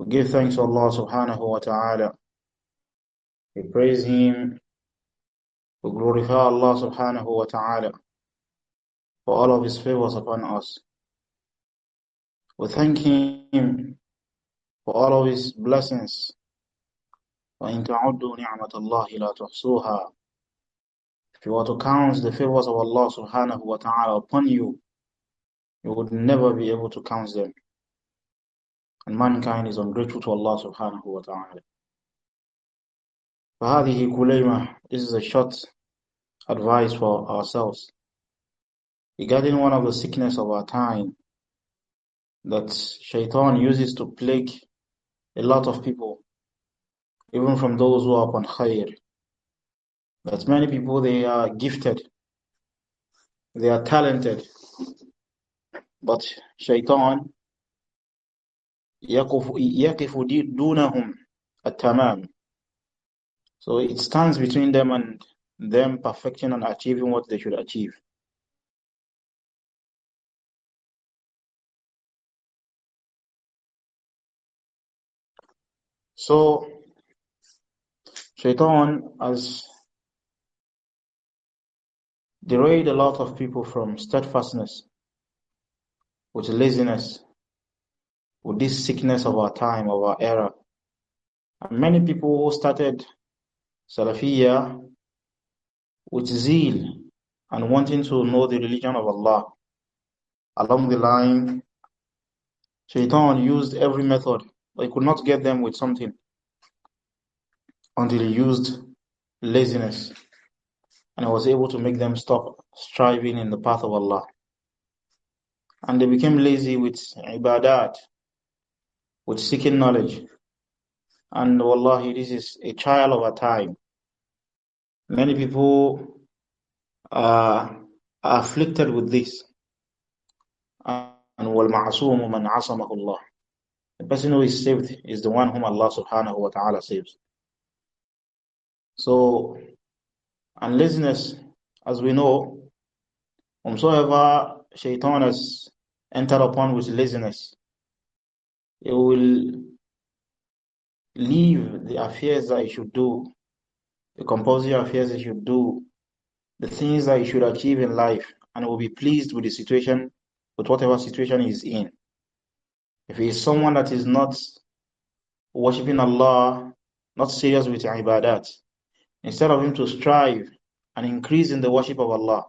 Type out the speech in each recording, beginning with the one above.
We give thanks to Allah subhanahu wa ta'ala. We praise Him. We glorify Allah subhanahu wa ta'ala for all of His favors upon us. We thank Him for all of His blessings. وَإِن تَعُدُّوا نِعْمَةَ اللَّهِ لَا تُحْصُوهَا If you were to count the favors of Allah subhanahu wa ta'ala upon you, you would never be able to count them and mankind is ungrateful to Allah subhanahu wa ta'ala. فهذه كليمة This is a short advice for ourselves regarding one of the sickness of our time that shaitan uses to plague a lot of people, even from those who are upon khayr. That many people, they are gifted, they are talented, but shaitan يقف دونهم التمام so it stands between them and them perfecting and achieving what they should achieve so shaitan has derailed a lot of people from steadfastness with laziness with this sickness of our time, of our era. And many people who started Salafiyah with zeal and wanting to know the religion of Allah. Along the line, Shaitan used every method, but he could not get them with something until he used laziness and I was able to make them stop striving in the path of Allah. And they became lazy with ibadat, with seeking knowledge. And wallahi, this is a child of a time. Many people uh, are afflicted with this. And وَالْمَعْصُومُ مَنْ عَصَمَهُ اللَّهُ The person who is saved is the one whom Allah subhanahu wa ta'ala saves. So, and laziness, as we know, whomsoever shaitan has entered upon with laziness, it will leave the affairs that you should do, the composing affairs that you should do, the things that you should achieve in life, and will be pleased with the situation, with whatever situation he is in. If he is someone that is not worshipping Allah, not serious with ibadat, instead of him to strive and increase in the worship of Allah,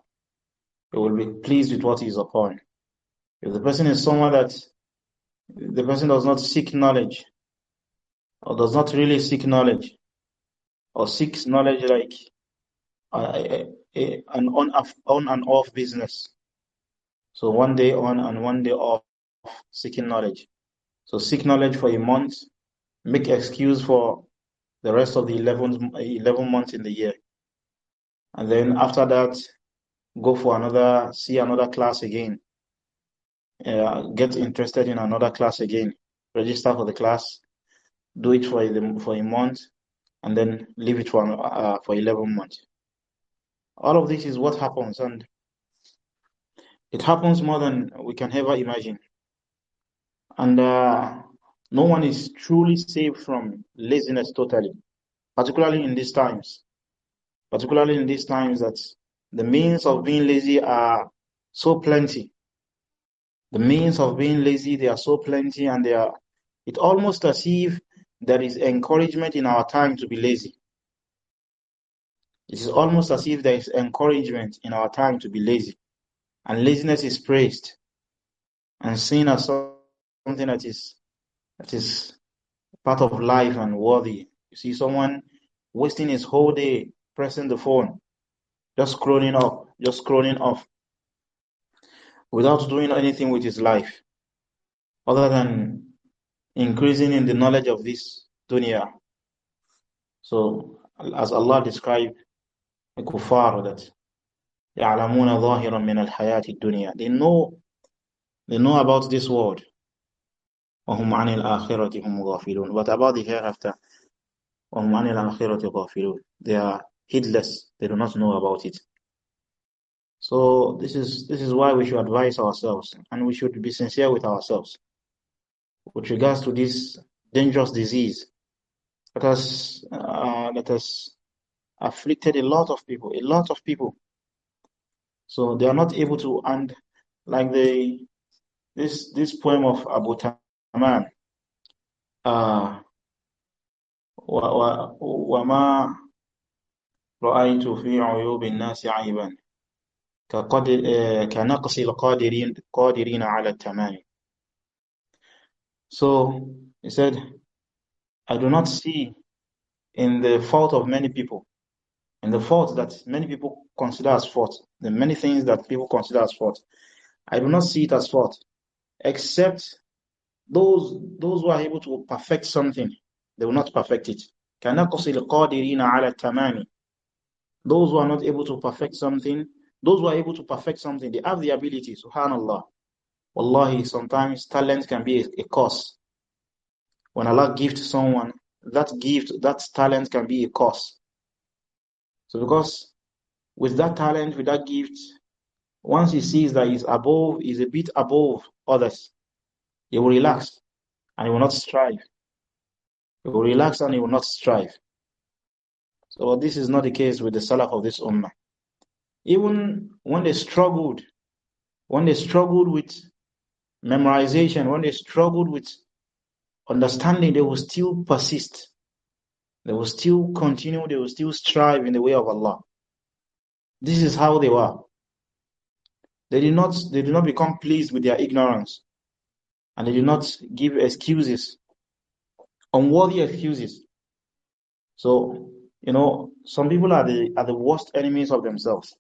he will be pleased with what he is upon. If the person is someone that the person does not seek knowledge or does not really seek knowledge or seeks knowledge like uh, an on, on and off business. So one day on and one day off, seeking knowledge. So seek knowledge for a month, make excuse for the rest of the 11, 11 months in the year. And then after that, go for another, see another class again uh, get interested in another class again, register for the class, do it for a, for a month, and then leave it for, uh, for 11 months. All of this is what happens, and it happens more than we can ever imagine. And uh, no one is truly saved from laziness totally, particularly in these times. Particularly in these times that the means of being lazy are so plenty the means of being lazy, they are so plenty and they are, it almost as if there is encouragement in our time to be lazy. It is almost as if there is encouragement in our time to be lazy. And laziness is praised and seen as something that is that is part of life and worthy. You see someone wasting his whole day pressing the phone, just scrolling up, just scrolling off without doing anything with his life other than increasing in the knowledge of this dunya. So, as Allah described the kuffar that يعلمون ظاهرا من الحياة الدنيا they know they know about this world وهم عن الآخرة هم غافلون but about the hereafter وهم عن الآخرة غافلون they are heedless they do not know about it so this is this is why we should advise ourselves and we should be sincere with ourselves with regards to this dangerous disease that has uh, that has afflicted a lot of people, a lot of people. So they are not able to and like the this this poem of Abu Taman. Uh, وما رأيت في عيوب الناس عيبا كقدر كنقص القادرين قادرين على التمام so he said I do not see in the fault of many people in the fault that many people consider as fault the many things that people consider as fault I do not see it as fault except those those who are able to perfect something they will not perfect it كنقص القادرين على التمام those who are not able to perfect something those who are able to perfect something, they have the ability, subhanAllah. Wallahi, sometimes talent can be a, a curse. When Allah gives someone, that gift, that talent can be a curse. So because with that talent, with that gift, once he sees that he's above, he's a bit above others, he will relax and he will not strive. He will relax and he will not strive. So this is not the case with the Salaf of this Ummah. Even when they struggled, when they struggled with memorization, when they struggled with understanding, they will still persist. They will still continue, they will still strive in the way of Allah. This is how they were. They did not they did not become pleased with their ignorance. And they did not give excuses, unworthy excuses. So, you know, some people are the are the worst enemies of themselves.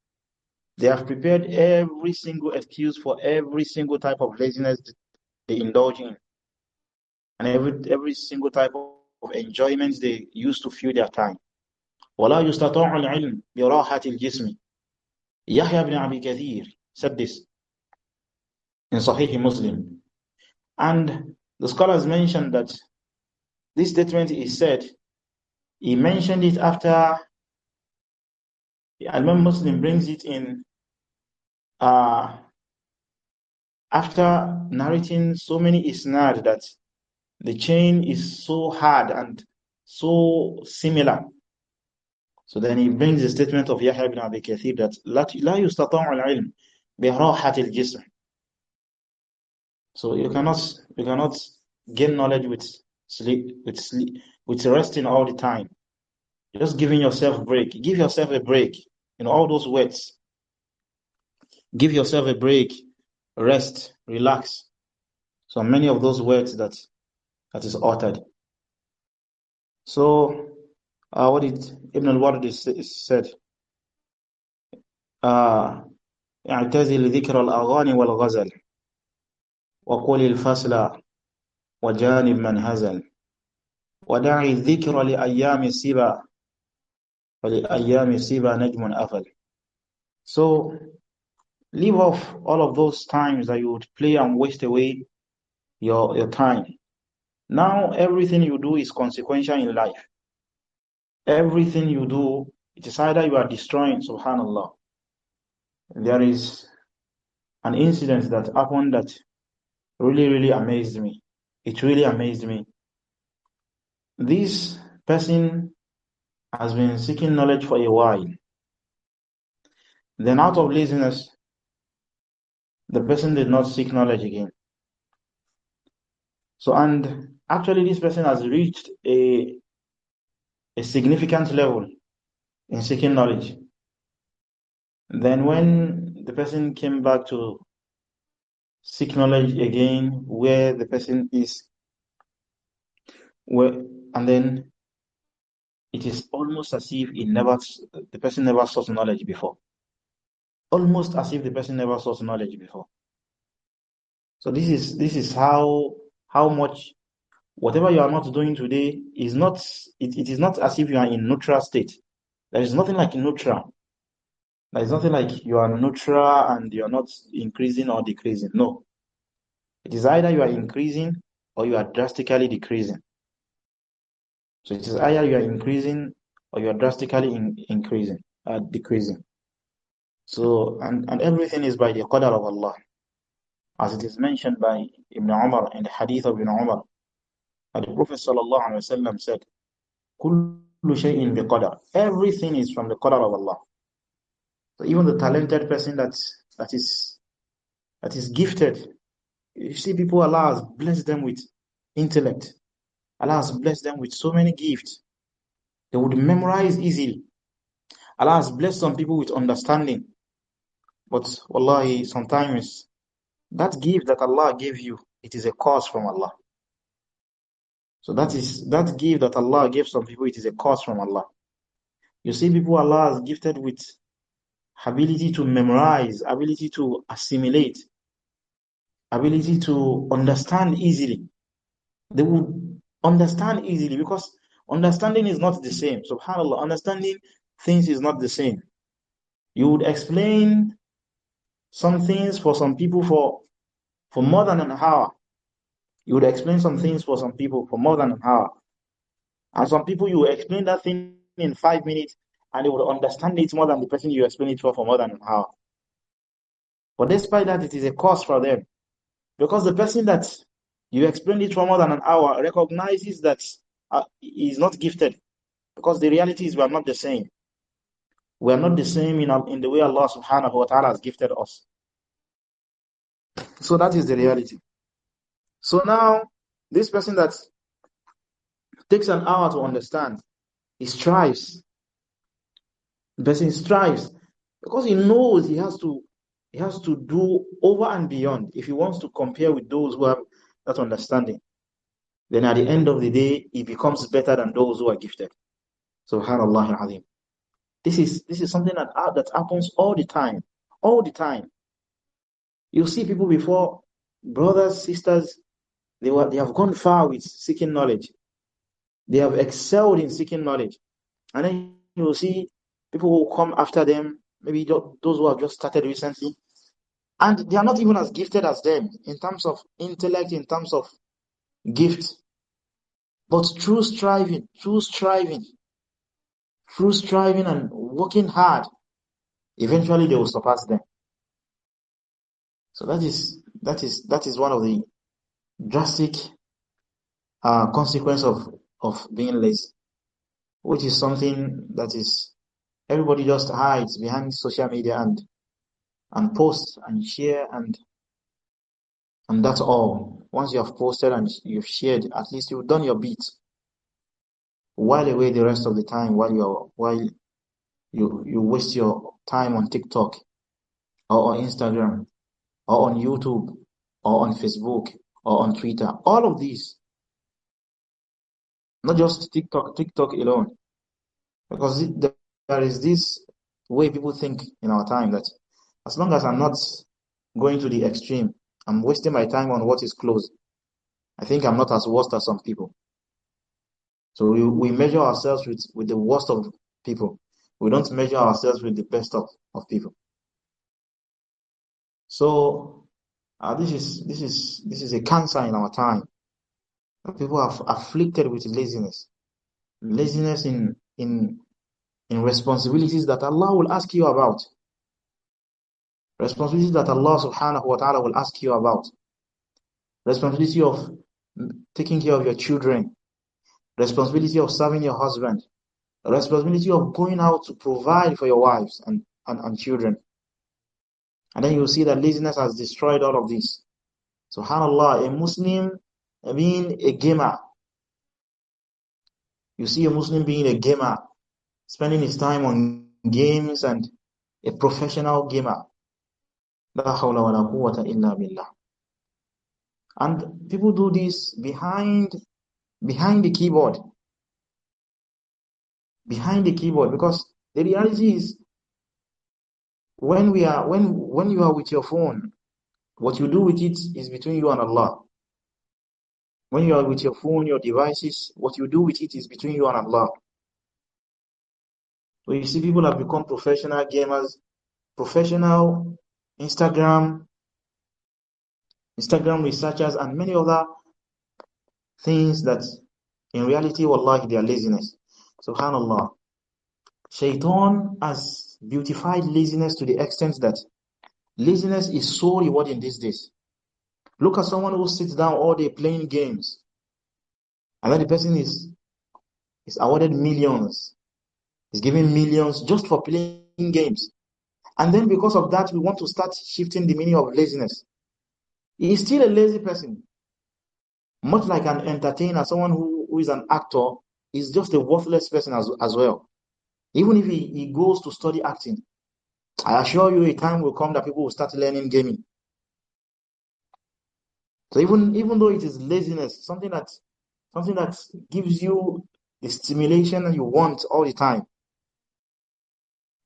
They have prepared every single excuse for every single type of laziness they indulge in, and every every single type of enjoyment they use to fill their time. ولا يستطاع العلم براحة الجسم Yahya ibn Abi Kathir said this in Sahih Muslim. And the scholars mentioned that this statement is said, he mentioned it after Al Muslim brings it in uh, after narrating so many isnad that the chain is so hard and so similar. So then he brings the statement of Yahya ibn Abi Kathir that لا يستطاع العلم براحة الجسم. So you cannot you cannot gain knowledge with sleep with sleep with resting all the time. Just giving yourself break. Give yourself a break. You know all those words. Give yourself a break, rest, relax. So many of those words that that is uttered. So, uh, what did Ibn al-Wardi said? اعتزل ذكر الأغاني والغزل وقل الفصل وجانب من هزل ودع الذكر لأيام سبا ولأيام سبا نجم أفل So leave off all of those times that you would play and waste away your your time. Now everything you do is consequential in life. Everything you do, it is either you are destroying, subhanallah. There is an incident that happened that really, really amazed me. It really amazed me. This person has been seeking knowledge for a while. Then out of laziness, the person did not seek knowledge again. So, and actually, this person has reached a, a significant level in seeking knowledge. Then, when the person came back to seek knowledge again, where the person is, where, and then it is almost as if it never, the person never sought knowledge before almost as if the person never sought knowledge before. So this is this is how how much whatever you are not doing today is not it, it is not as if you are in neutral state. There is nothing like neutral. There is nothing like you are neutral and you are not increasing or decreasing. No. It is either you are increasing or you are drastically decreasing. So it is either you are increasing or you are drastically in, increasing, uh, decreasing. So, and, and everything is by the qadar of Allah. As it is mentioned by Ibn Umar in the hadith of Ibn Umar, that the Prophet ﷺ said, Kullu shay'in bi qadar. Everything is from the qadar of Allah. So even the talented person that, that is that is gifted, you see people Allah has blessed them with intellect. Allah has blessed them with so many gifts. They would memorize easily. Allah has blessed some people with understanding. But wallahi, sometimes that gift that Allah gave you, it is a cause from Allah. So that is that gift that Allah gave some people, it is a cause from Allah. You see, people Allah has gifted with ability to memorize, ability to assimilate, ability to understand easily. They would understand easily because understanding is not the same. Subhanallah, understanding things is not the same. You would explain some things for some people for for more than an hour. You would explain some things for some people for more than an hour. And some people you explain that thing in five minutes and they would understand it more than the person you explain it for for more than an hour. But despite that, it is a cost for them. Because the person that you explain it for more than an hour recognizes that uh, he is not gifted. Because the realities were not the same. We are not the same in, in the way Allah subhanahu wa ta'ala has gifted us. So that is the reality. So now, this person that takes an hour to understand, he strives. The person strives because he knows he has to he has to do over and beyond if he wants to compare with those who have that understanding. Then at the end of the day, he becomes better than those who are gifted. Subhanallah al-Azim. This is this is something that uh, that happens all the time, all the time. You see people before, brothers, sisters, they were they have gone far with seeking knowledge. They have excelled in seeking knowledge, and then you will see people who come after them, maybe those who have just started recently, and they are not even as gifted as them in terms of intellect, in terms of gift. But through striving, through striving, through striving and working hard, eventually they will surpass them. So that is that is that is one of the drastic uh, consequence of of being lazy, which is something that is everybody just hides behind social media and and post and share and and that's all. Once you have posted and you've shared, at least you've done your bit while away the rest of the time while you're while you you waste your time on TikTok or on Instagram or on YouTube or on Facebook or on Twitter. All of these. Not just TikTok, TikTok alone. Because there is this way people think in our time that as long as I'm not going to the extreme, I'm wasting my time on what is close. I think I'm not as worst as some people. So we, we measure ourselves with, with the worst of people. We don't measure ourselves with the best of, of people. So uh, this is this is this is a cancer in our time. People are afflicted with laziness. Laziness in in in responsibilities that Allah will ask you about. Responsibilities that Allah subhanahu wa ta'ala will ask you about. Responsibility of taking care of your children, responsibility of serving your husband, responsibility of going out to provide for your wives and, and, and children. And then you see that laziness has destroyed all of this. SubhanAllah, a Muslim being a gamer. You see a Muslim being a gamer, spending his time on games and a professional gamer. And people do this behind behind the keyboard behind the keyboard because the reality is when we are when when you are with your phone what you do with it is between you and Allah when you are with your phone your devices what you do with it is between you and Allah so you see people have become professional gamers professional Instagram Instagram researchers and many other things that in reality, wallahi, they are laziness. Subhanallah. Shaitan has beautified laziness to the extent that laziness is so rewarding these days. Look at someone who sits down all day playing games. And then the person is, is awarded millions. Is given millions just for playing games. And then because of that, we want to start shifting the meaning of laziness. He is still a lazy person much like an entertainer, someone who, who is an actor is just a worthless person as, as well. Even if he, he goes to study acting, I assure you a time will come that people will start learning gaming. So even even though it is laziness, something that something that gives you the stimulation that you want all the time.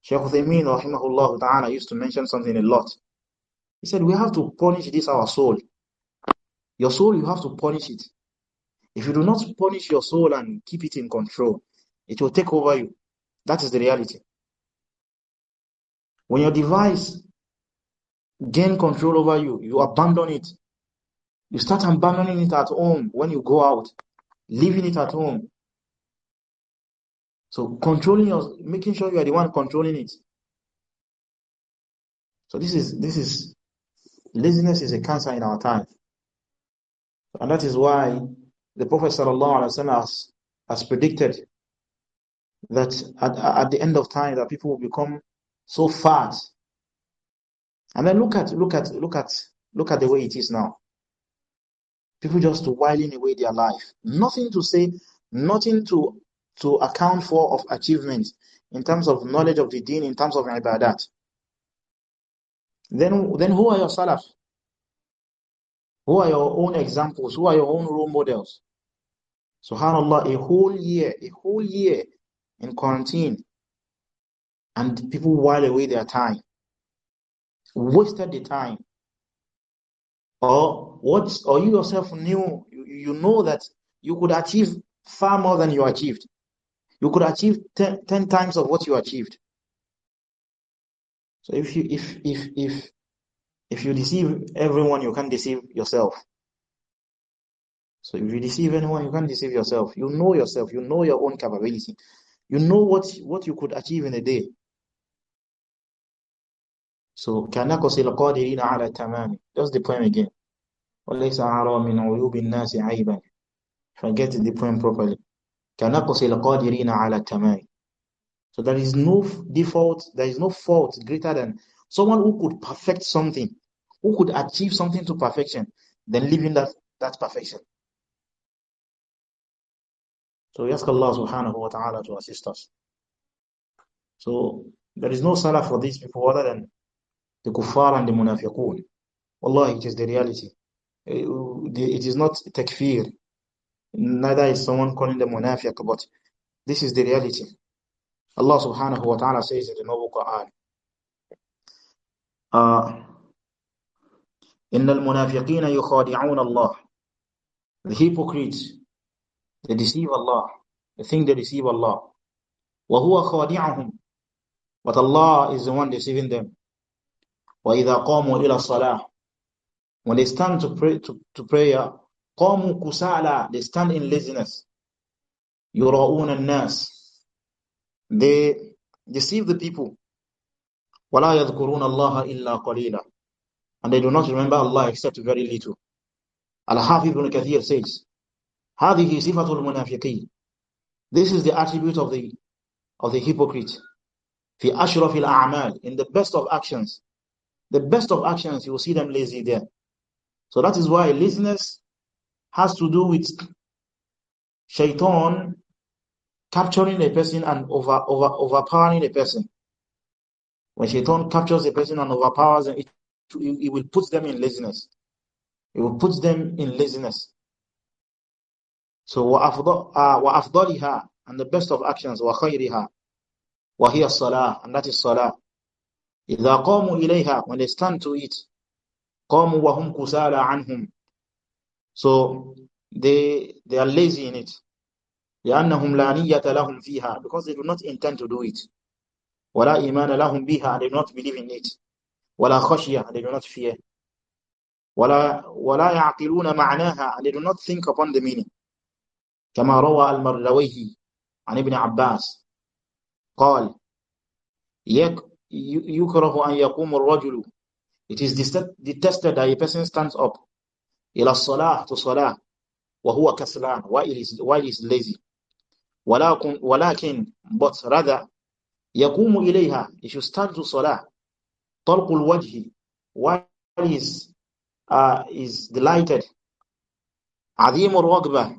Sheikh Uthaymeen rahimahullah ta'ala used to mention something a lot. He said, we have to punish this our soul. Your soul, you have to punish it. If you do not punish your soul and keep it in control, it will take over you. That is the reality. When your device gain control over you, you abandon it. You start abandoning it at home when you go out, leaving it at home. So controlling your, making sure you are the one controlling it. So this is this is laziness is a cancer in our time. And that is why the Prophet ﷺ has, has predicted that at, at the end of time that people will become so fat. And then look at look at look at look at the way it is now. People just whiling away their life. Nothing to say, nothing to to account for of achievement in terms of knowledge of the deen, in terms of ibadat. Then then who are your salaf? Who are your own examples? Who are your own role models? SubhanAllah, a whole year, a whole year in quarantine. And people while away their time. Wasted the time. Or what or you yourself knew you, you know that you could achieve far more than you achieved. You could achieve ten, times of what you achieved. So if you if if if if you deceive everyone, you can't deceive yourself. So if you deceive anyone, you can't deceive yourself. You know yourself. You know your own capability. You know what, what you could achieve in a day. So كَنَقْصِ الْقَادِرِينَ عَلَى التَّمَامِ That's the poem again. وَلَيْسَ عَرَى مِنْ عُيُوبِ النَّاسِ عَيْبًا Forget the poem properly. كَنَقْصِ الْقَادِرِينَ عَلَى التَّمَامِ So there is no default, there is no fault greater than Someone who could perfect something, who could achieve something to perfection, then living that, that perfection. So we ask Allah subhanahu wa ta'ala to assist us. So there is no salah for these people other than the kuffar and the munafiqun. Allah, it is the reality. Uh, it is not takfir. Neither is someone calling them munafiq, but this is the reality. Allah subhanahu wa ta'ala says in the noble Quran, uh, إِنَّ الْمُنَافِقِينَ Allah. The hypocrites, they deceive Allah. They think they deceive Allah. وَهُوَ خَادِعَهُمْ But Allah is the one deceiving them. وَإِذَا qamu ila salah. When they stand to, pray, to, to prayer, qamu kusala. They stand in laziness. an nas. They deceive the people. And they do not remember Allah except very little. Al-Hafiz ibn Kathir says, هَذِهِ صِفَةُ الْمُنَافِقِينَ This is the attribute of the of the hypocrite. فِي أَشْرَفِ الْأَعْمَالِ In the best of actions. The best of actions, you will see them lazy there. So that is why laziness has to do with shaitan capturing a person and over, over, overpowering a person. When shaitan captures a person and overpowers them, it, it will put them in laziness. It will put them in laziness. So وَأَفْضَلِهَا uh, and the best of actions وَخَيْرِهَا وَهِيَ الصَّلَاةِ and that is salah. إِذَا قَامُوا إِلَيْهَا when they stand to it قَامُوا وَهُمْ كُسَالَ عَنْهُمْ So they they are lazy in it. لأنهم لا نية لهم فيها because they do not intend to do it. ولا إيمان لهم بها and they do not believe in it ولا خشية and they do not fear ولا ولا يعقلون معناها and they do not think upon the meaning كما روى المروي عن ابن عباس قال يك يكره أن يقوم الرجل it is detested that a person stands up إلى الصلاة to صلاة وهو كسلان while he is, while he is lazy ولكن, ولكن but rather Yakumu ilayha he should to salah talqul wajhi What is is uh, is delighted Adi raghbah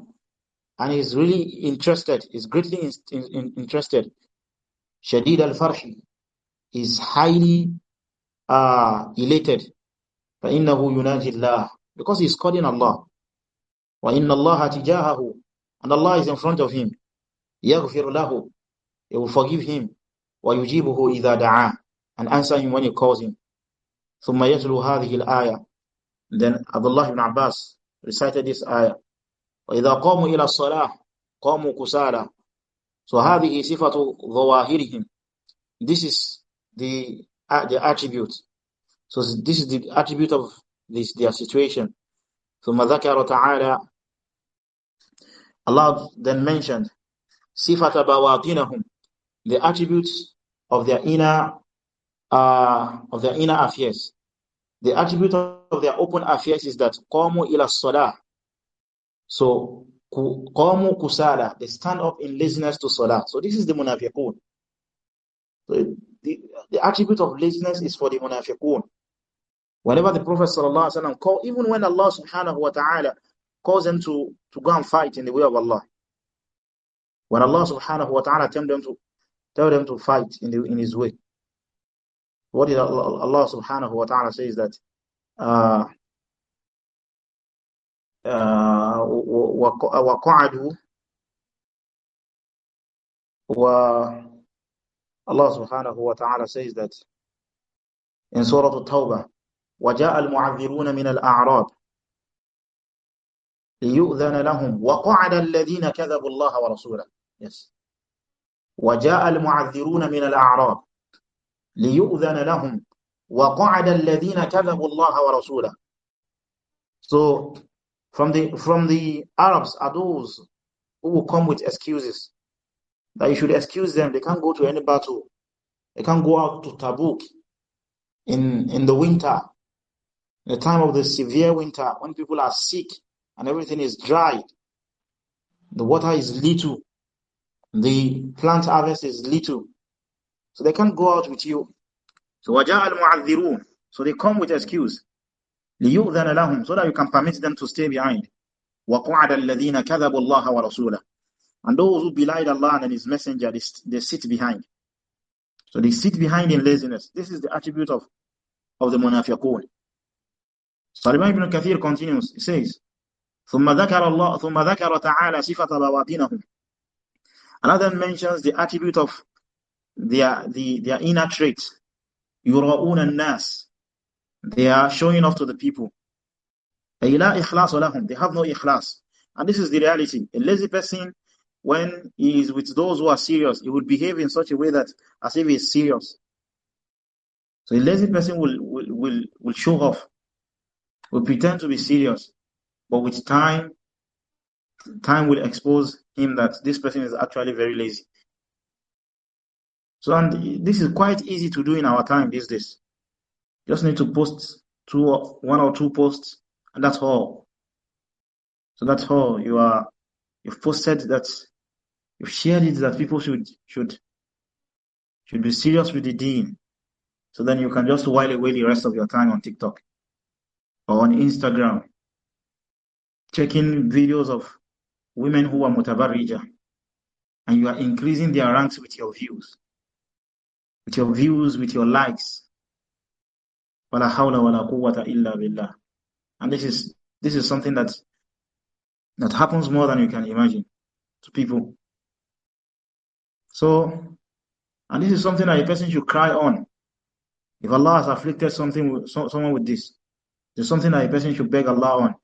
and is really interested is greatly in, in, interested shadid al-farhi is highly uh, elated فإنه يناجي الله because he is calling Allah inna Allah tijahahu. and Allah is in front of him يغفر lahu. he will forgive him وَيُجِيبُهُ إِذَا دَعَاهُ And answer him when he calls him. ثُمَّ يَتْلُو هَذِهِ الْآيَةِ Then Abdullah ibn Abbas recited this ayah. وَإِذَا قَامُوا إِلَى الصَّلَاةِ قَامُوا كُسَالًا So هذه صفة ظواهرهم This is the, uh, the attribute. So this is the attribute of this their situation. ثُمَّ ذَكَرَ تَعَالَى Allah then mentioned صِفَةَ بَوَاطِنَهُمْ The attributes of their inner uh, of their inner affairs. The attribute of their open affairs is that qamu ila salah. So qamu kusala, they stand up in laziness to salah. So this is the munafiqun. So the, the attribute of laziness is for the munafiqun. Whenever the Prophet sallallahu alaihi wasallam call, even when Allah subhanahu wa taala calls them to to go and fight in the way of Allah, when Allah subhanahu wa taala tell them to Tell them to fight in, the, in his way. What did Allah, Allah subhanahu wa ta'ala says that uh, uh, Allah subhanahu wa ta'ala says that in Surah At-Tawbah وَجَاءَ الْمُعَذِّرُونَ مِنَ الْأَعْرَابِ لِيُؤْذَنَ لَهُمْ وَقَعَدَ الَّذِينَ كَذَبُوا اللَّهَ وَرَسُولَهُ Yes. وجاء المعذرون من الأعراب ليؤذن لهم وقعد الذين كذبوا الله ورسوله So from the from the Arabs are those who will come with excuses that you should excuse them they can't go to any battle they can't go out to Tabuk in in the winter in the time of the severe winter when people are sick and everything is dried the water is little the plant harvest is little. So they can't go out with you. So So they come with excuse. لِيُؤْذَنَ لَهُمْ So that you can permit them to stay behind. And those who belied Allah and His Messenger, they, they sit behind. So they sit behind in laziness. This is the attribute of, of the munafiqun. Salman ibn Kathir continues, he says, ثُمَّ ذَكَرَ, الله, ثم ذكر تعالى صِفَةَ بَوَاطِنَهُمْ Another mentions the attribute of their, the, their inner trait. and nas. They are showing off to the people. They have no ikhlas. And this is the reality. A lazy person, when he is with those who are serious, he would behave in such a way that as if he is serious. So a lazy person will, will, will, will show off, will pretend to be serious. But with time, time will expose him that this person is actually very lazy. So, and this is quite easy to do in our time these days. Just need to post two, or one or two posts, and that's all. So that's all you are. You've posted that, you've shared it that people should should should be serious with the dean. So then you can just while away the rest of your time on TikTok or on Instagram, checking videos of women who are mutabarrija, and you are increasing their ranks with your views, with your views, with your likes. quwwata illa billah. And this is this is something that that happens more than you can imagine to people. So, and this is something that a person should cry on. If Allah has afflicted something with so, someone with this, there's something that a person should beg Allah on.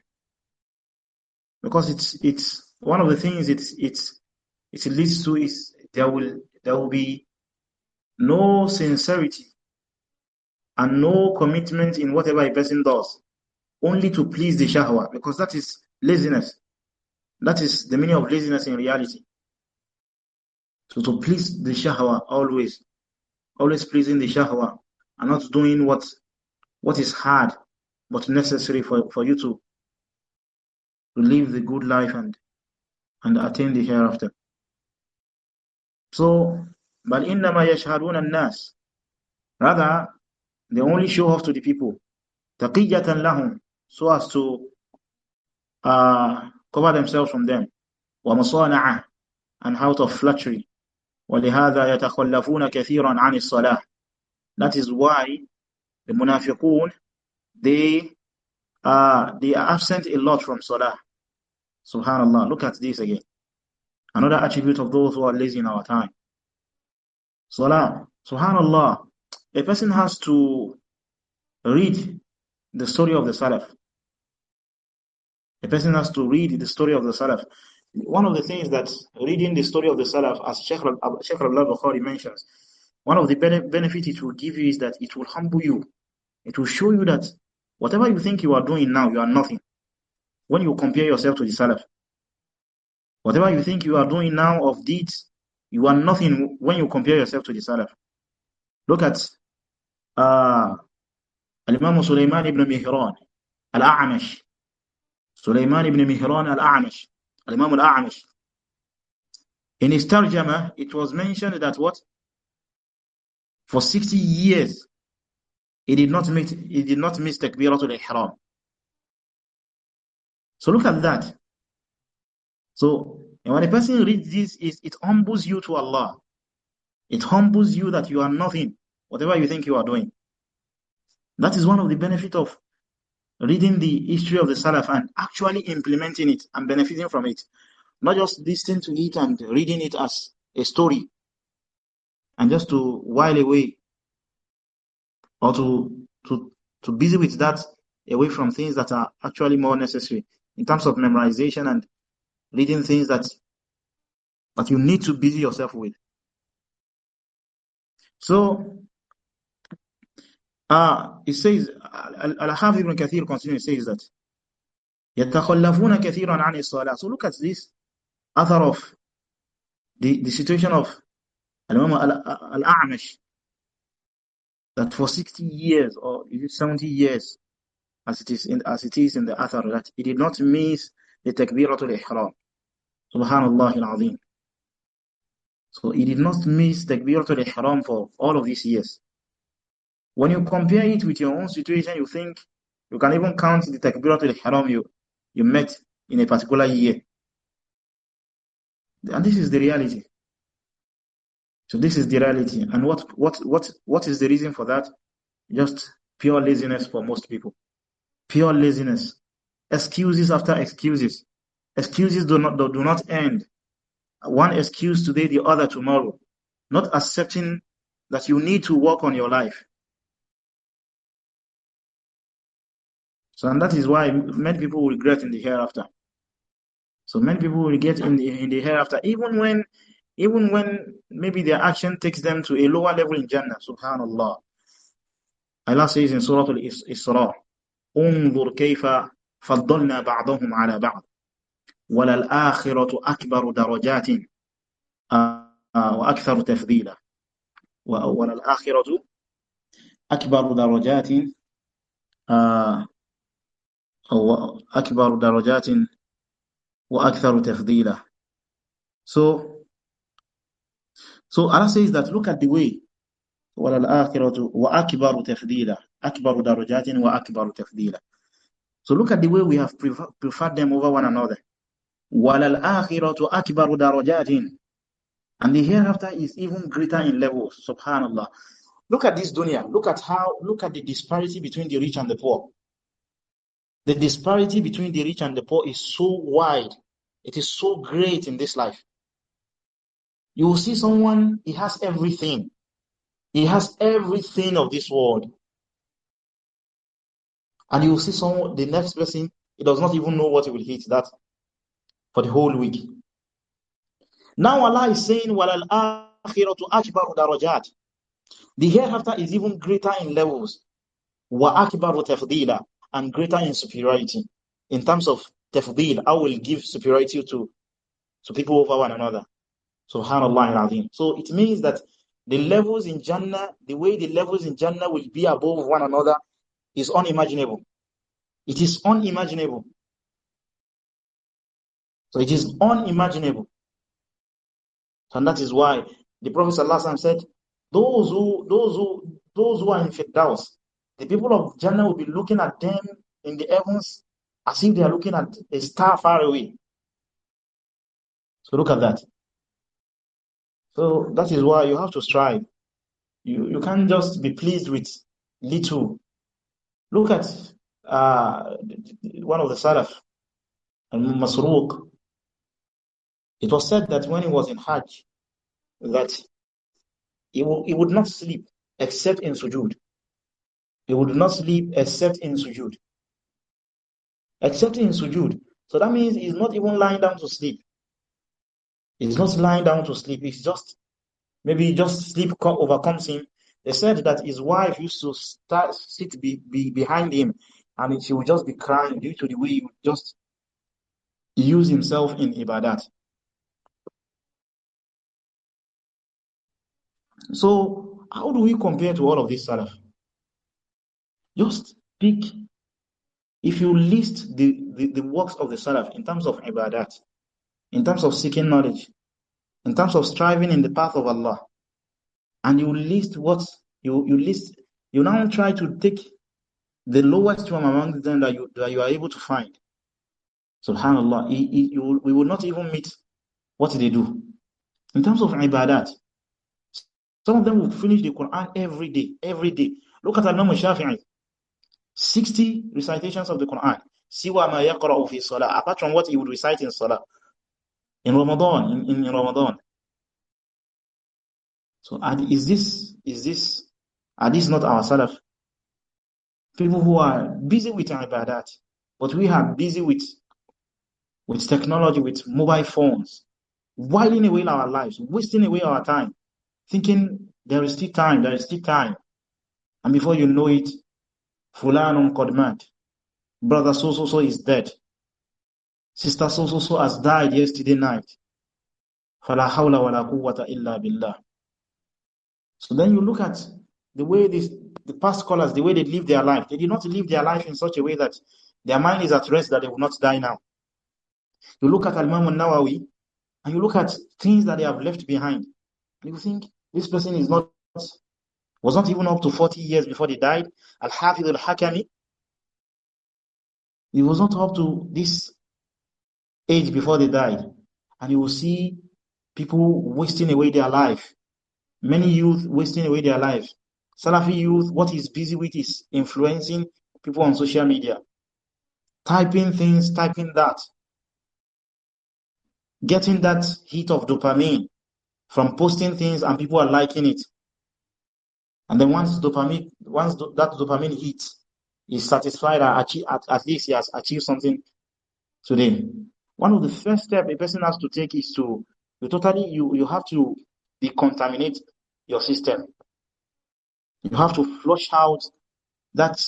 Because it's it's one of the things it's it's it leads to is there will there will be no sincerity and no commitment in whatever a person does, only to please the shahwa, because that is laziness. That is the meaning of laziness in reality. So to please the shahwa always, always pleasing the shahwa and not doing what what is hard but necessary for, for you to, to live the good life and and attain the hereafter. So, but innama yashharuna an-nas. Rather, they only show off to the people. Taqiyatan lahum. So as to uh, cover themselves from them. Wa musawana And out of flattery. ولهذا يتخلفون كثيرا عن الصلاة. That is why the munafiqun, they, uh, they are absent a lot from salah. Subhanallah. Look at this again. Another attribute of those who are lazy in our time. Salah. Subhanallah. A person has to read the story of the Salaf. A person has to read the story of the Salaf. One of the things that reading the story of the Salaf, as Sheikh Al-Bukhari mentions, one of the benefits it will give you is that it will humble you. It will show you that whatever you think you are doing now, you are nothing when you compare yourself to the Salaf. Whatever you think you are doing now of deeds, you are nothing when you compare yourself to the Salaf. Look at uh, Al-Imam Sulaiman ibn Mihran, Al-A'amash. Sulaiman ibn Mihran, Al-A'amash. Al-Imam Al-A'amash. In his tarjama, it was mentioned that what? For 60 years, he did not meet, he did not miss takbiratul ihram. So look at that. So when a person reads this, it, it humbles you to Allah. It humbles you that you are nothing, whatever you think you are doing. That is one of the benefit of reading the history of the Salaf and actually implementing it and benefiting from it. Not just listening to it and reading it as a story and just to while away or to, to, to busy with that away from things that are actually more necessary in terms of memorization and reading things that that you need to busy yourself with. So uh, it says Al-Hafiz ibn Kathir continues says that يَتَخَلَّفُونَ كَثِيرًا عَنِ الصَّلَاةِ So look at this author of the, the situation of Al-Imam Al-A'mash that for 60 years or 70 years as it is in as it is in the athar that he did not miss the takbiratul ihram subhanallah al so he did not miss takbiratul ihram for all of these years when you compare it with your own situation you think you can even count the takbiratul ihram you you met in a particular year and this is the reality so this is the reality and what what what what is the reason for that just pure laziness for most people pure laziness, excuses after excuses. Excuses do not, do not end. One excuse today, the other tomorrow. Not accepting that you need to work on your life. So, and that is why many people will regret in the hereafter. So many people will get in the, in the hereafter, even when, even when maybe their action takes them to a lower level in Jannah. Subhanallah. Allah says in Surah Al-Isra, انظر كيف فضلنا بعضهم على بعض وللآخرة أكبر درجات آه، آه، وأكثر تفضيلا وللآخرة أكبر درجات أو آه، أكبر درجات وأكثر تفضيلا so so Allah says that look at the way وللآخرة وأكبر تفضيلا akbaru darajatin wa akbaru tafdila so look at the way we have prefer preferred them over one another walal akhiratu akbaru darajatin and the hereafter is even greater in levels subhanallah look at this dunya look at how look at the disparity between the rich and the poor the disparity between the rich and the poor is so wide it is so great in this life you will see someone he has everything he has everything of this world and you will see someone, the next person, he does not even know what he will hit that for the whole week. Now Allah is saying, وَلَلْآخِرَةُ أَكْبَرُ The hereafter is even greater in levels. وَأَكْبَرُ تَفْضِيلًا And greater in superiority. In terms of tafdeel, I will give superiority to, to people over one another. Subhanallah So it means that the levels in Jannah, the way the levels in Jannah will be above one another is unimaginable. It is unimaginable. So it is unimaginable. And that is why the Prophet ﷺ said, those who, those who, those who are in Firdaus, the people of Jannah will be looking at them in the heavens as if they are looking at a star far away. So look at that. So that is why you have to strive. You, you can't just be pleased with little Look at uh, one of the Salaf, Al-Masruq. It was said that when he was in Hajj, that he, he would not sleep except in sujud. He would not sleep except in sujud. Except in sujud. So that means he's not even lying down to sleep. He's not lying down to sleep. He's just, maybe just sleep overcomes him they said that his wife used to start, sit be, be behind him and she would just be crying due to the way he would just use himself in Ibadat. So, how do we compare to all of this Salaf? Just pick, if you list the, the, the works of the Salaf in terms of Ibadat, in terms of seeking knowledge, in terms of striving in the path of Allah, and you list what you you list you now try to take the lowest one among them that you that you are able to find subhanallah he, he, you, we will not even meet what they do in terms of ibadat some of them will finish the quran every day every day look at al-imam shafi'i 60 recitations of the quran siwa ma of fi salah apart from what he would recite in salah in ramadan in, in, in ramadan so is this is this are these not our salaf? People who are busy with ibadat, but we are busy with with technology, with mobile phones, whiling away our lives, wasting away our time, thinking there is still time, there is still time. And before you know it, Fulanum Kodmat, brother so so so is dead. Sister so so so has died yesterday night. فَلَا حَوْلَ وَلَا قُوَّةَ إِلَّا بِاللَّهِ so then you look at the way these, the past scholars, the way they live their life. They did not live their life in such a way that their mind is at rest that they will not die now. You look at Al-Imam al-Nawawi and you look at things that they have left behind. And you think this person is not was not even up to 40 years before they died. Al-Hafiz al-Hakami he was not up to this age before they died. And you will see people wasting away their life. Many youth wasting away their life. Salafi youth, what he's busy with is influencing people on social media. Typing things, typing that. Getting that hit of dopamine from posting things and people are liking it. And then once dopamine, once do, that dopamine hits, he's satisfied achieve, at, at least he has achieved something today. One of the first steps a person has to take is to you totally you you have to decontaminate your system. You have to flush out that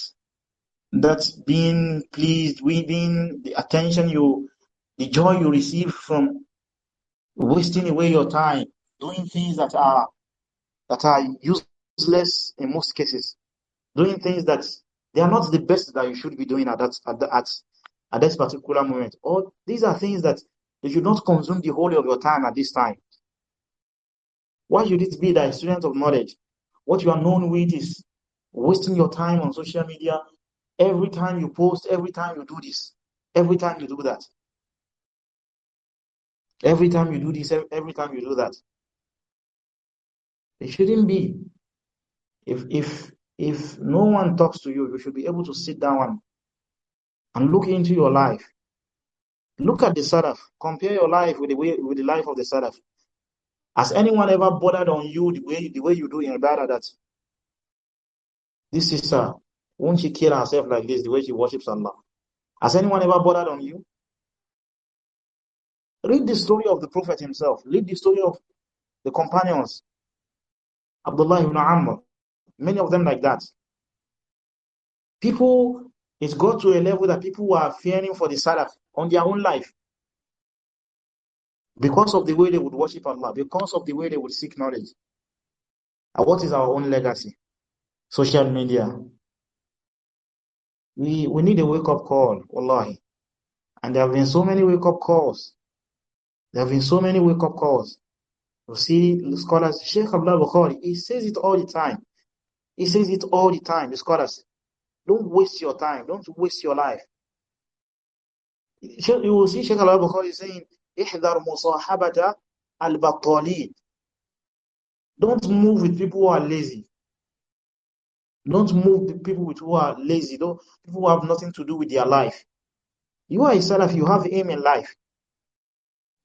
that's being pleased within the attention you the joy you receive from wasting away your time doing things that are that are useless in most cases doing things that they are not the best that you should be doing at that at, the, at, at this particular moment or these are things that you should not consume the whole of your time at this time why should it be that a student of knowledge, what you are known with is wasting your time on social media every time you post, every time you do this, every time you do that. Every time you do this, every time you do that. It shouldn't be. If if if no one talks to you, you should be able to sit down and look into your life. Look at the Sadaf. Compare your life with the way, with the life of the Sadaf. Has anyone ever bothered on you the way the way you do in Ibadah that this sister, won't she kill herself like this, the way she worships Allah? Has anyone ever bothered on you? Read the story of the Prophet himself. Read the story of the companions. Abdullah ibn Amr. Many of them like that. People, it has got to a level that people were fearing for the Salaf on their own life because of the way they would worship Allah, because of the way they would seek knowledge. And what is our own legacy? Social media. We we need a wake up call, wallahi. And there have been so many wake up calls. There have been so many wake up calls. You see, scholars, Sheikh Abdullah Bukhari, he says it all the time. He says it all the time, the scholars. Don't waste your time. Don't waste your life. You will see Sheikh Abdullah Bukhari saying, احذر مصاحبة البطالين don't move with people who are lazy don't move with people with who are lazy Though people who have nothing to do with their life you are a salaf you have aim in life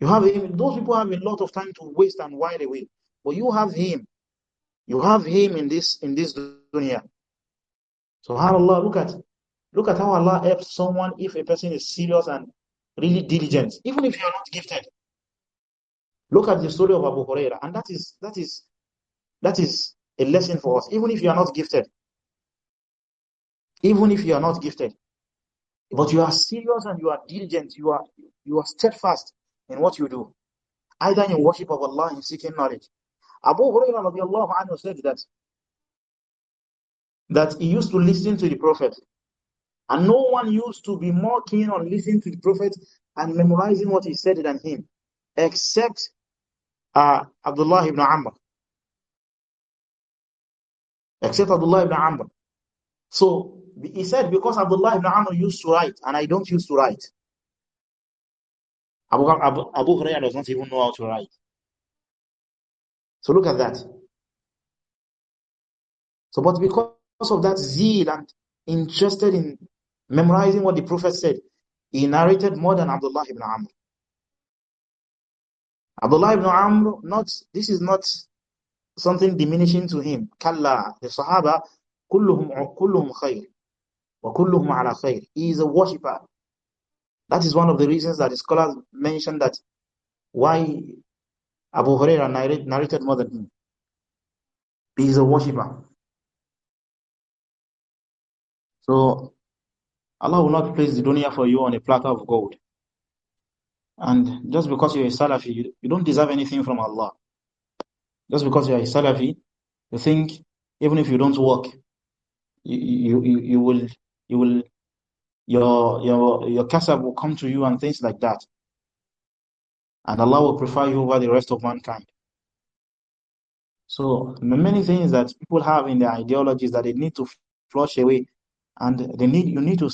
you have him. Those people have a lot of time to waste and while away. But you have him. You have him in this in this dunya. So, Subhanallah, look at look at how Allah helps someone if a person is serious and really diligent, even if you are not gifted. Look at the story of Abu Huraira, and that is that is that is a lesson for us, even if you are not gifted. Even if you are not gifted. But you are serious and you are diligent, you are you are steadfast in what you do, either in worship of Allah in seeking knowledge. Abu Hurairah said that that he used to listen to the Prophet and no one used to be more keen on listening to the Prophet and memorizing what he said than him, except uh, Abdullah ibn Amr. Except Abdullah ibn Amr. So he said, because Abdullah ibn Amr used to write, and I don't use to write. Abu, Abu, Abu Hurairah does not even know how to write. So look at that. So, but because of that zeal and interested in memorizing what the Prophet said. He narrated more than Abdullah ibn Amr. Abdullah ibn Amr, not, this is not something diminishing to him. Kalla, the Sahaba, kulluhum, kulluhum khayr, wa kulluhum ala khayr. He is a worshipper. That is one of the reasons that the scholars mentioned that why Abu Huraira narrated, narrated more than him. He is a worshipper. So Allah will not place the dunya for you on a platter of gold. And just because you're a Salafi, you, you don't deserve anything from Allah. Just because you're a Salafi, you think even if you don't work, you, you, you will, you will, your, your, your kasab will come to you and things like that. And Allah will prefer you over the rest of mankind. So many things that people have in their ideologies that they need to flush away and they need you need to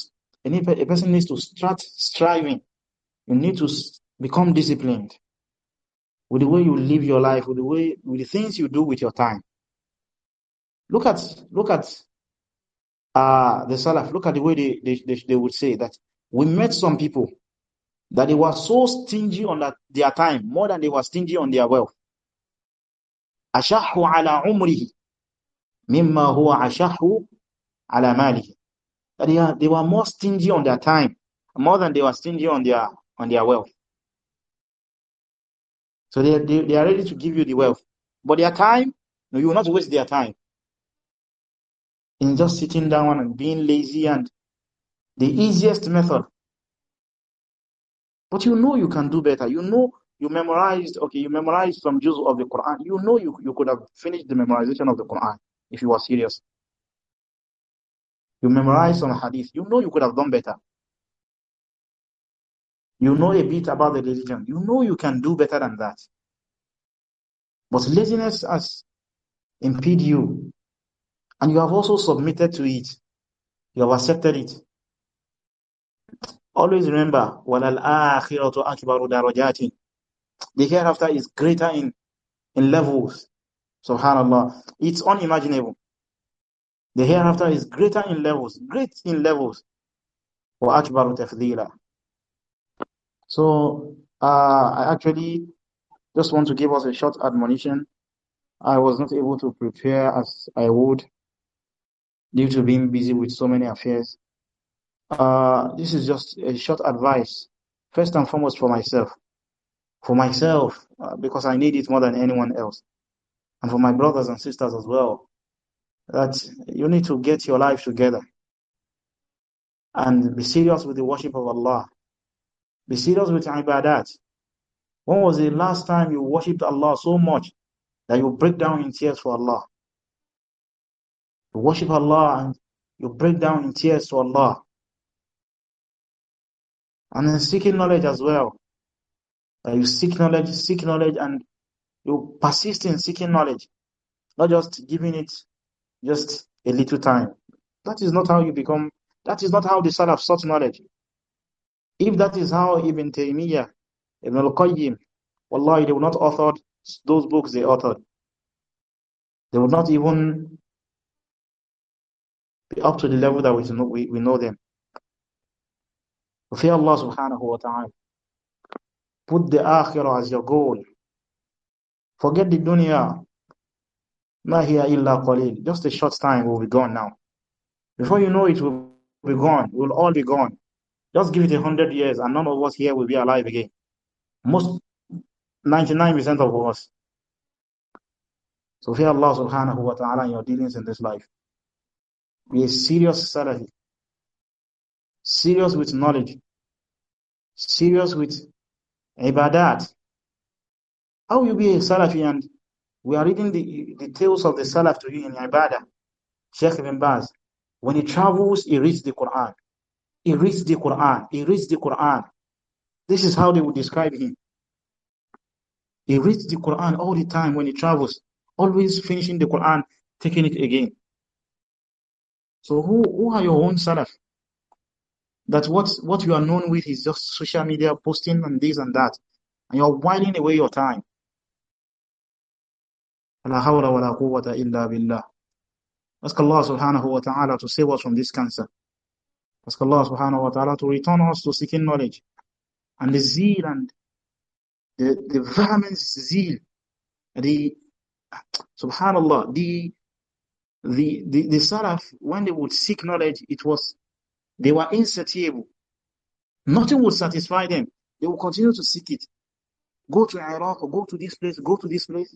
and if a person needs to start striving, you need to become disciplined with the way you live your life, with the way with the things you do with your time. Look at look at uh, the Salaf. Look at the way they, they, they, they would say that we met some people that they were so stingy on that, their time more than they were stingy on their wealth. Ashahu ala umrihi, مما huwa ashahu ala malihi that they, are, they were more stingy on their time, more than they were stingy on their on their wealth. So they, they, they are ready to give you the wealth. But their time, no, you will not waste their time. In just sitting down and being lazy and the easiest method. But you know you can do better. You know you memorized, okay, you memorized some juz of the Quran. You know you, you could have finished the memorization of the Quran if you were serious. You memorize some hadith. You know you could have done better. You know a bit about the religion. You know you can do better than that. But laziness has impeded you. And you have also submitted to it. You have accepted it. Always remember, وَلَلْآخِرَةُ The hereafter is greater in, in levels. Subhanallah. It's unimaginable. The hereafter is greater in levels, great in levels. وَأَكْبَرُ تَفْذِيلًا So, uh, I actually just want to give us a short admonition. I was not able to prepare as I would due to being busy with so many affairs. Uh, this is just a short advice, first and foremost for myself. For myself, uh, because I need it more than anyone else. And for my brothers and sisters as well that you need to get your life together and be serious with the worship of Allah. Be serious with ibadat. When was the last time you worshipped Allah so much that you break down in tears for Allah? You worship Allah and you break down in tears to Allah. And then seeking knowledge as well. That you seek knowledge, seek knowledge, and you persist in seeking knowledge, not just giving it just a little time. That is not how you become, that is not how the Salaf sought knowledge. If that is how Ibn Taymiyyah, Ibn al-Qayyim, Wallahi, they would not author those books they authored. They would not even be up to the level that we know, we, we know them. Fear Allah subhanahu wa ta'ala. Put the akhirah as your goal. Forget the dunya here, illa qalil. Just a short time will be gone now. Before you know it, will be gone. We'll all be gone. Just give it a hundred years, and none of us here will be alive again. Most, ninety-nine percent of us. So fear Allah Subhanahu wa Taala in your dealings in this life. Be a serious Salafi, serious with knowledge, serious with ibadat. How will you be a Salafi and we are reading the, the tales of the Salaf to you in Ibadah. Sheikh Ibn Baz. When he travels, he reads the Quran. He reads the Quran. He reads the Quran. This is how they would describe him. He reads the Quran all the time when he travels, always finishing the Quran, taking it again. So who, who are your own Salaf? That what, what you are known with is just social media posting and this and that. And you're whiling away your time. La حول ولا قوة إلا بالله Ask Allah subhanahu wa ta'ala to save us from this cancer. Ask Allah subhanahu wa ta'ala to return us to seeking knowledge. And the zeal and the, the vehement zeal, the, subhanallah, the, the, the, the Salaf, when they would seek knowledge, it was, they were insatiable. Nothing would satisfy them. They will continue to seek it. Go to Iraq, go to this place, go to this place.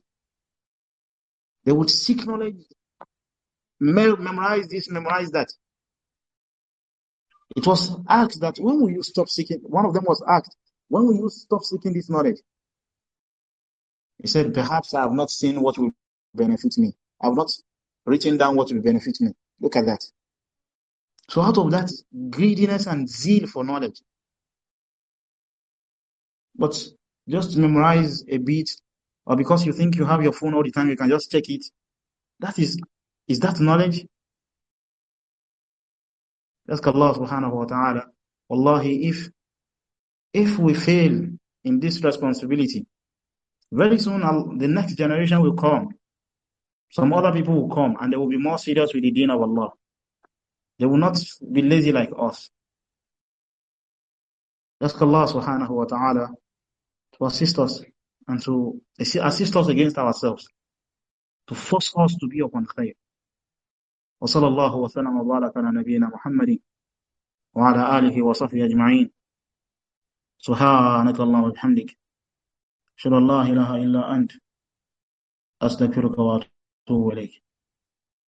They would seek knowledge, memorize this, memorize that. It was asked that when will you stop seeking? One of them was asked, when will you stop seeking this knowledge? He said, perhaps I have not seen what will benefit me. I have not written down what will benefit me. Look at that. So out of that greediness and zeal for knowledge. But just memorize a bit, or because you think you have your phone all the time, you can just check it. That is, is that knowledge? Ask Allah subhanahu wa ta'ala. Wallahi, if, if we fail in this responsibility, very soon I'll, the next generation will come. Some other people will come and they will be more serious with the deen of Allah. They will not be lazy like us. Ask Allah subhanahu wa ta'ala to assist us and so assist us against ourselves to force us to be upon khayr. وصلى الله وسلم وبارك على نبينا محمد وعلى آله وصحبه أجمعين سبحانك اللهم وبحمدك أشهد أن لا إله إلا أنت أستغفرك وأتوب إليك